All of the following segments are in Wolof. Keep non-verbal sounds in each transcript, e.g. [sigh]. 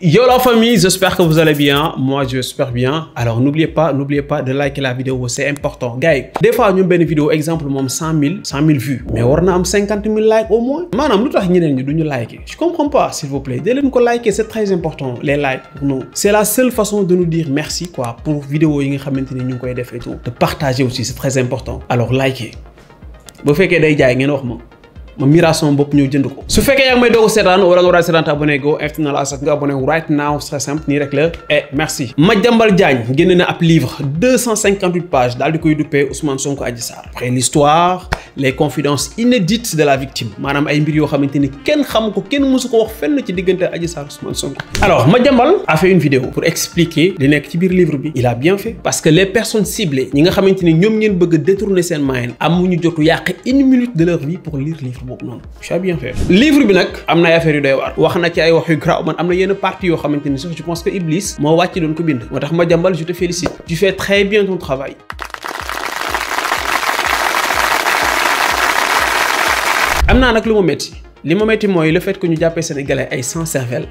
Yo la famille, j'espère que vous allez bien. Moi, j'espère bien. Alors, n'oubliez pas, n'oubliez pas de liker la vidéo, c'est important. Guys, des fois, nous avons une vidéo, exemple, 100 000, 100 000 vues. Mais on a 50 000 likes au moins. Madame, nous liker. Je comprends pas, s'il vous plaît. Dès nous liker, c'est très important, les likes pour nous. C'est la seule façon de nous dire merci, quoi, pour vidéo, de partager aussi, c'est très important. Alors, likez. Vous faites que des gens, ma miiraa sama bopp jënd ko su fekkee yaa may doog sétane seetaan wala nga war abonné go invité la sax nga abonné right now c'est simple ni rek la et merci Madiambal Diagne genn na ap livre 258 pages dal di koy duppé Ousmane Sonko Adji Sarr après l'histoire les confidences inédites de la victime manam ay mbir yo xamante kenn xam ko kenn mësu ko wax fenn ci digënté Adji Sarr Ousmane Sonko alors Madiambal a fait une vidéo pour expliquer li nekk ci biir livre bi il a bien fait parce que les personnes ciblées ñi nga xamante ni ñeen bëgg détourner sen seen amu ñu jottu yaq une minute de leur vie pour lire livre je suis bien fait livre bi affaire yu doy je pense que Iblis suis wàcc doon ko bind je te félicite tu fais très bien ton travail Je suis nag lu li le fait que ñu jàppee sénégalais sans cervelle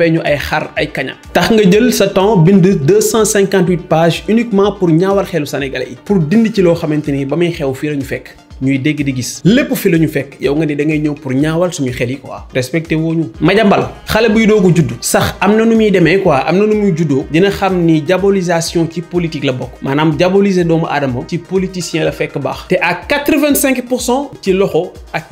nous ñu ay xar ay kaña tax nga temps 258 pages uniquement pour ñaawal xelu sénégalais pour dindi ci loo xamante Je suis xew ñuy dégg di gis lépp fi la ñu fekk yow nga ni da ngay ñëw pour ñaawal suñu xel quoi respecté woo ñu quoi nu dina xam diabolisation ci politique la bokk maanaam diaboliser doomu aadama ci politicien la fekk baax te à 85% ci loxo ak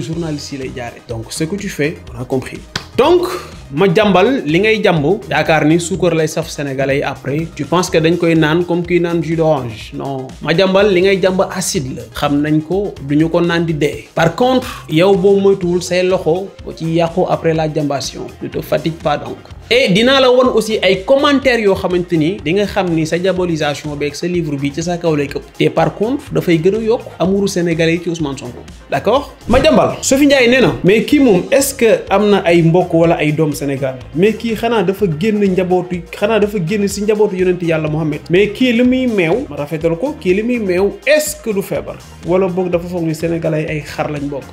journaliste yi donc ce que tu fais on a compris donc ma jambal li ngay jàmb yaakaar ni sucre lay saf sénégalais après tu penses que dañ koy naan comme qui naan jus d'orange non ma jambal li ngay jàmb acide la xam nañ ko duñu ko naan di dé par contre yow bo moytuwul say loxo ci yàqu après la jambation ne te fatigue pas donc et dinaa la won aussi ay commentaires yoo xamante ni di nga xam ni sa diabolisation beeg sa livre bi ci sa kaw lay këpp te par contre dafay gën a yokk amuuru sénégalais yi ci Ousmane Sonko d' accord Madiambal Sophie Ndiaye nee na mais kii moom est ce que am na ay mbokk wala ay doom Sénégal mais kii xanaa dafa génn njabootu xanaa dafa génn si njabootu yonent yàlla Mohamed mais kii li muy meew ma rafetal ko kii li muy meew est ce du feebar wala boog dafa foog ni sénégalais ay xar lañ bokk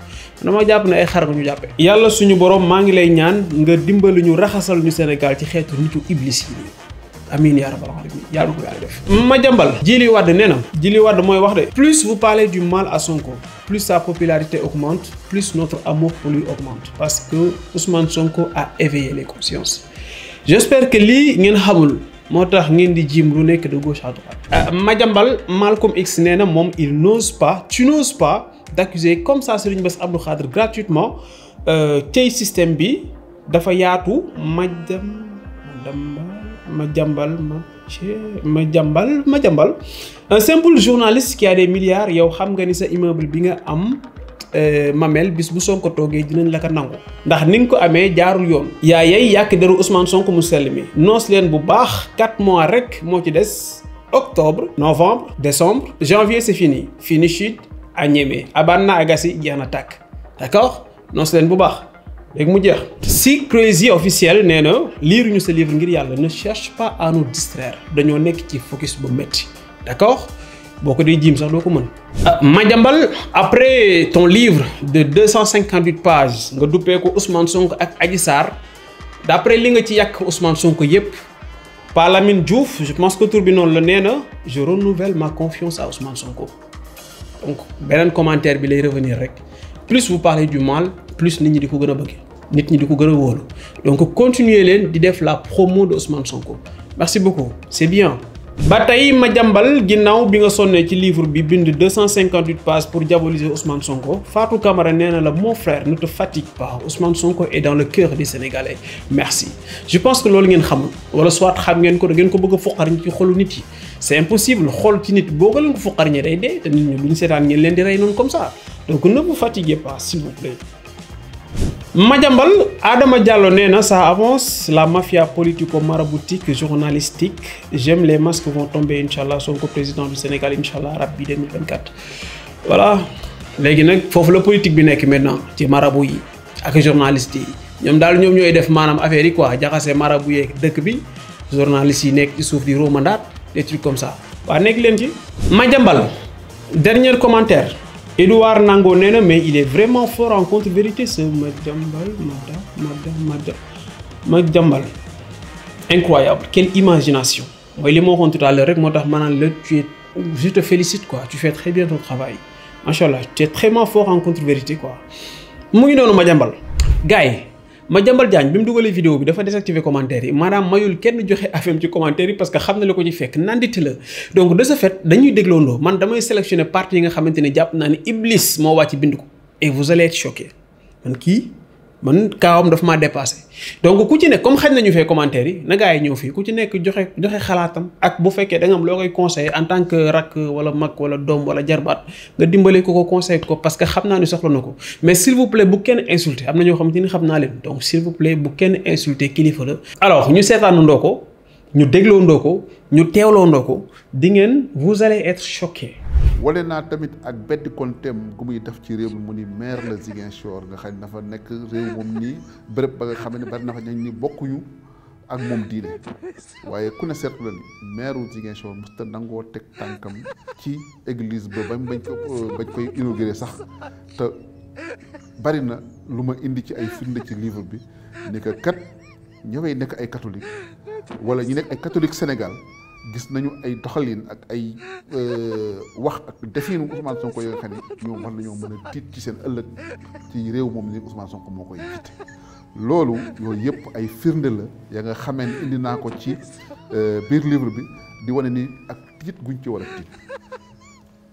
dama japp ne ay xar nga ñu jappé yalla suñu borom ma ngi lay ñaan nga dimbali ñu raxasal ñu Sénégal ci xeetu nitu iblis yi amin ya rabbal alamin ya ko yàlla def. ma jambal jili wad na jili wad moy wax de. plus vous parlez du mal à Sonko plus sa popularité augmente plus notre amour pour lui augmente parce que Ousmane Sonko a éveillé les consciences j'espère que li ngeen xamul. motax ngeen di jiim lu nekk de gauche à droite. Euh, ma jambal Malcolm X nee mom il n'ose pas tu n'oses pas. d'accuser comme ça Serigne Bass Abdou Khadre gratuitement cey euh, système bi dafa yaatu ma dem ma jàmbal ma ma ma jàmbal un simple journaliste qui a des milliards yow xam nga ni sa immeuble bi nga am euh, Mamel bis bu Sonko toogee dinañ la ko nangu ndax ni nga ko amee jaarul yoon. yaa yey yàq deru Ousmane Sonko mu sell mi noos leen bu baax 4 mois rek moo ci des octobre novembre décembre janvier c'est fini fini à abanna a Agassi jeex d'accord non d' D'accord? Non, c'est bu baax léegi mu si Crazy officiel nee lire ce livre ngir yalla ne cherche pas à nous distraire dañu nekk ci focus bu metti D'accord? boko boo jim sax doo ko ah, Ma après ton livre de 258 pages nga doupé ko Ousmane Sonko ak Adji Sarr d'après que li nga ci yak Ousmane Sonko yëpp. Palamine Diouf je pense que tur bi noonu la je renouvelle ma confiance à Ousmane Sonko donc un commentaire bi lay revenir plus vous parlez du mal plus vous allez di faire. gën a bëgg nit donc continuez à di la promo de Ousmane Sonko merci beaucoup c'est bien ba tey Madiambal ginnaaw bi nga livre bi bind 258 pages pour diaboliser Ousmane Sonko Fatou Kamara nee mon frère ne te fatigue pas Ousmane Sonko est dans le cœur des Sénégalais merci je pense que loolu ngeen xamul wala soit xam ngeen ko da ko bëgg a ci xolu nit c'est impossible xool ci nit boo ko de ko fuqar ñi day dee te nit ñi bu ñu seetaan ngeen di rey donc ne vous fatiguez pas s'il vous plaît Madiambal Adama Diallo nee na ça avance la mafia politico-maraboutique journalistique j'aime les masques vont tomber incha allah Sonko président bi Sénégal incha allah rab bi 2024. voilà léegi nag foofu la politique bi nekk maintenant ci marabu yi ak journaliste yi ñoom daal ñoom ñooy def maanaam affaire yi quoi jaxase marabu yeeg dëkk bi journaliste yi nekk ci suuf di romandaat des trucs comme ça waa nekk leen ci. majambal dernier commentaire. Edouard Nango Nene, mais il est vraiment fort en contre-vérité, c'est Madjambal, Madjambal. Incroyable, quelle imagination. il est mort tout à je te félicite, quoi. tu fais très bien ton travail. tu es très fort en contre-vérité. quoi. Mouillon Madjambal. Guy, Madiambal Diagne bi mu dugalee vidéo bi dafa désactiver commentaire yi maanaam mayul kenn joxe [laughs] affaire ci commentaire yi parce que xam na li ko ci fekk nanditi la donc de ce fait dañuy dégloondoo man damay sélectionner partie nga xamante ne jàpp naa ne Iblis moo wàcc bind ko et vous allez man kii man kaawam daf ma dépassé donc ku ci nekk comme xaj nañu fee commentaire yi na gaa yi ñëw fii ku ci nekk joxe joxe xalaatam ak bu fekkee da nga am loo koy conseillé en tant que rak wala mag wala doom wala jarbaat nga dimbale ko ko conseil ko parce que xam naa ni soxla na ko mais s'il vous plaît bu kenn insulté am na ñoo xamante ni xam naa leen donc s'il vous plaît bu kenn insulté kilifa la. alors ñu seetaanandoo ko ñu dégloondoo ko ñu teewloondoo ko di ngeen vous allez être choqué. wale naa tamit ak beddi konteem gu muy def ci réew mi mu ni maire la Ziguinchor nga xam ne dafa nekk réew moom nii bërëb ba nga xam ne bari na fa ñañ ni bokkuñu ak moom diine waaye ku ne seetlu la maire wu Ziguinchor musta nangoo teg tànkam ci église ba bañ bañ ko bañ koy inauguré sax te bari na lu ma indi ci ay firnde ci livre bi ni que kat ñëwee nekk ay catholique wala ñu nekk ay catholique Sénégal gis nañu ay doxalin ak ay wax ak defiinu Ousmane Sonko yo xani ñu man war mëna tit ci seen ëlëk ci réew mom ni Ousmane Sonko moko yitté lolu loolu yooyu yëpp ay firnde la ya nga xamene indi na ko ci bir livre bi di wone ni ak tit guñ ci war tit tiit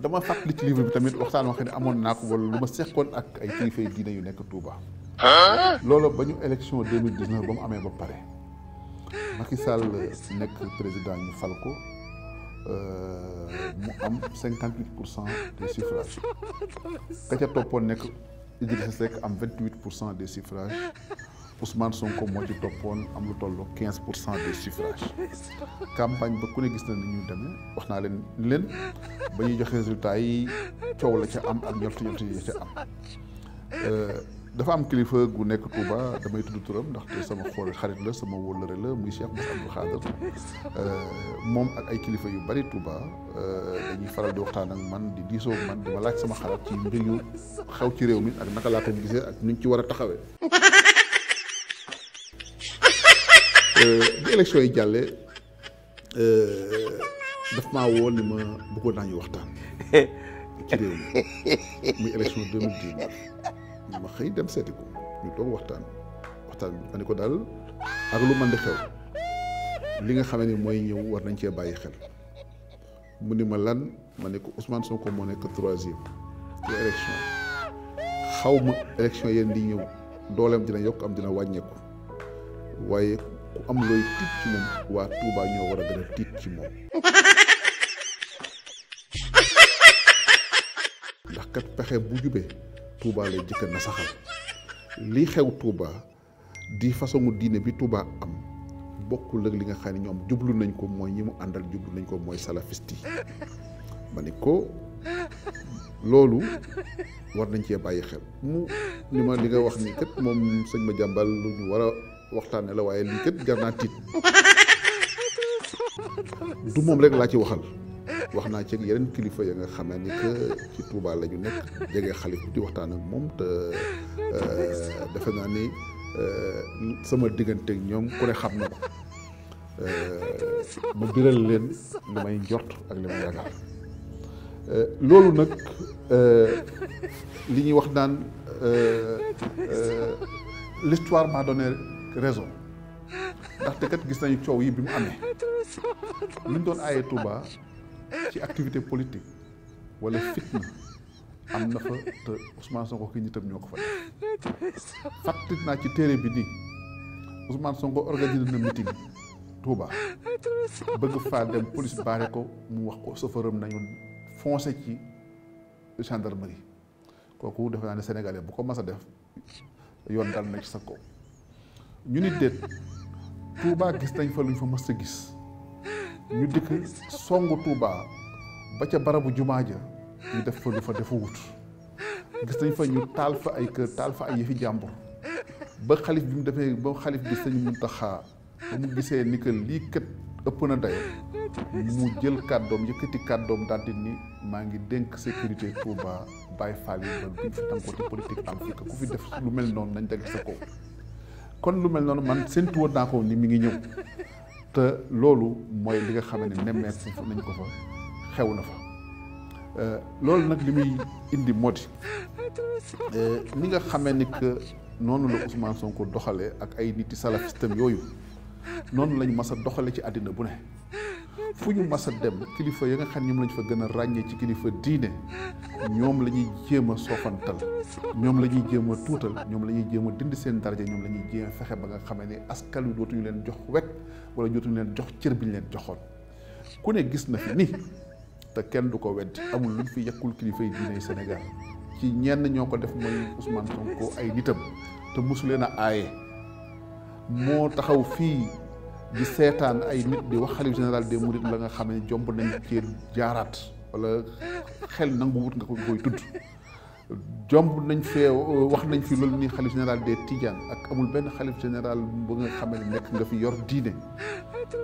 dama fàttali ci livre bi tamit waxtaan waxani amon na ko wala luma ma seqoon ak ay kilifa diine yu nekk Touba. lolu bañu élection 2019 bamu amé ba pare. Macky Sall euh, nek président de Falco a 58% des suffrages Katia Topone nek Idrissa Seck am 28% des suffrages Ousmane Sonko mo ci Topone am 15% des suffrages campagne beaucoup ku ne gis na ni résultats qui ont été len len ba dafa am kilifa gu nekk Touba damay tudd turam ndaxte sama xool xarit la sama wóllëre la muy Cheikh Moussa Abdou Khadr euh, moom ak ay kilifa yu bari tuuba euh, dañuy faral di waxtaan ak man di diisoo man di ma laaj sama xalaat ci mbir yu xew ci réew mi ak naka laa ko gisee ak nuñ ci war a taxawee. [laughs] Euh, bi élection yi jàllee daf ma woo ni ma bëggoon naa waxtaan [laughs] ci réew mi muy élection 2019. ma xëy dem seeti ñu doog waxtaan waxtaan bi ko daal ak lu man di xew li nga xamee ni mooy ñëw war nañ cee bàyyi xel mu ni ma lan ma ne ko Ousmane Sonko moo nekk troisième ci élection xaw ma élection yéen di ñëw dooleem dina yokk am dina wàññeeku waaye ku am looy tiit ci moom waa Touba ñoo war a gën a tiit ci moom [laughs] ndax kat pexe bu jubee Touba lay jëkk a nasaxal li xew Touba di façon diine bi Touba am bokkul ak li nga xam ne jublu nañ ko mooy ñi mu andal jublu nañ ko mooy salafiste yi ma ne ko loolu war nañ cee bàyyi xel mu ni ma li nga wax ni kat moom sëñ ma jàmbal lu ñu war a waxtaane la waaye lii kat jar naa du moom rek laa ci waxal wax naa ci yeneen kilifa ya nga xamee ni ci Touba la ñu nekk jege xalif bi waxtaan ak moom te euh, defe naa ni euh, sama diggante ñoom ku xam na ko euh, ma biral leen li may njort ak li may ragal loolu nag li ñuy wax naan l'histoire m'a donné raison ndaxte kat gis nañu coow yi bi mu amee luñ doon aaye Touba ci activité politique wala fitna am na fa te Ousmane Sonko ki nitam ñoo ko fa def fàttali naa ci téere bi nii Ousmane Sonko organisé na meeting Touba bëgg faa dem police baare ko mu wax ko safaram nañu foncé ci gendarmerie kooku defe naa ne bu ko mas a def yoon dal na ci sa kaw ñu ni déet Touba gis nañ fa luñ fa mës sa gis ñu dikk songu Touba ba ca barabu jumaa ja ñu def fa lu fa defa wut gis nañ fa ñu taal fa ay kër taal fa ay yëfi jàmbur ba xalif bi mu defee ba xalif bi sëñ Muntaxa ba mu gisee ni que lii kët ëpp na dayo mu jël kàddoom yëkkati kàddoom daal di ni maa ngi dénk sécurité Touba Baye Fall yi ba duñ fa tànkooti politique am fi que ku fi def lu mel noonu nañ dagg sa kon lu mel noonu man séntu woon naa ko ni mi ngi ñëw te loolu mooy li nga xam ne nemmeeku nañ ko fa xewna fa loolu nag li muy indi modi di ni nga xamee ni que noonu la Ousmane Sonko doxalee ak ay nit niti salafistam yooyu noonu lañ mas a doxale ci àddina bu ne fu ñu mas a dem kilifa ya nga xam ñoom lañ fa gën a ràññee ci kilifa diine ñoom la ñuy jéem a soofantal ñoom la ñuy jéem a tuutal ñoom la ñuy jéem a dindi seen daraja ñoom la ñuy jéem fexe ba nga xamee ne askan wi dootuñu leen jox wekk wala dootuñu leen jox cër bi ñu leen joxoon ku ne gis na fi ni te kenn du ko weddi amul luñ fi yàqul kilifa yi diine Sénégal ci ñenn ñoo ko def mooy Ousmane Sonko ay nitam te mosu leen a aaye moo taxaw fii di seetaan ay nit di wax xalif général des mourides la nga xam ne jomb nañ cee jaaraat wala xel nangu wut nga ko koy tudd jomb nañ fee wax nañ fi loolu nii xalif général des Tidiane ak amul benn xalif général bu nga xam ne nekk nga fi yor diine te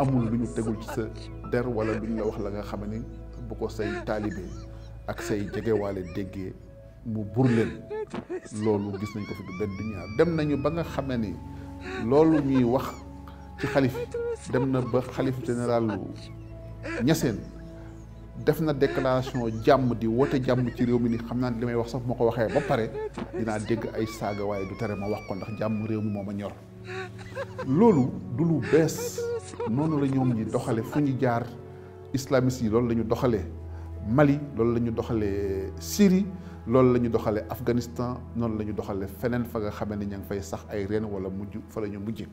amul lu ñu tegul ci sa der wala lu ñu la wax la nga xam ni bu ko say taalibe ak say jegewaale déggee mu buur leen loolu gis nañ ko fi du benn du dem nañu ba nga xamee ni loolu ñuy wax ci xalif dem na ba xalif général ñaseen def na déclaration jàmm di woote jàmm ci réew mi ni xam naa ne li may wax sax ma ko waxee ba pare dinaa dégg ay saaga waaye du tere ma wax ko ndax jàmm réew mi moom a ñor loolu du lu bees noonu la ñoom ñi doxale fu ñu jaar islamiste yi loolu la ñu doxalee Mali loolu la ñu doxalee Syrie loolu la ñu doxalee Afghanistan noonu la ñu doxalee feneen fa nga xamee ne ña ngi fay sax ay reen wala mujj fa la ñu mujj